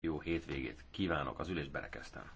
Jó hétvégét kívánok, az ülésbe rekeztem.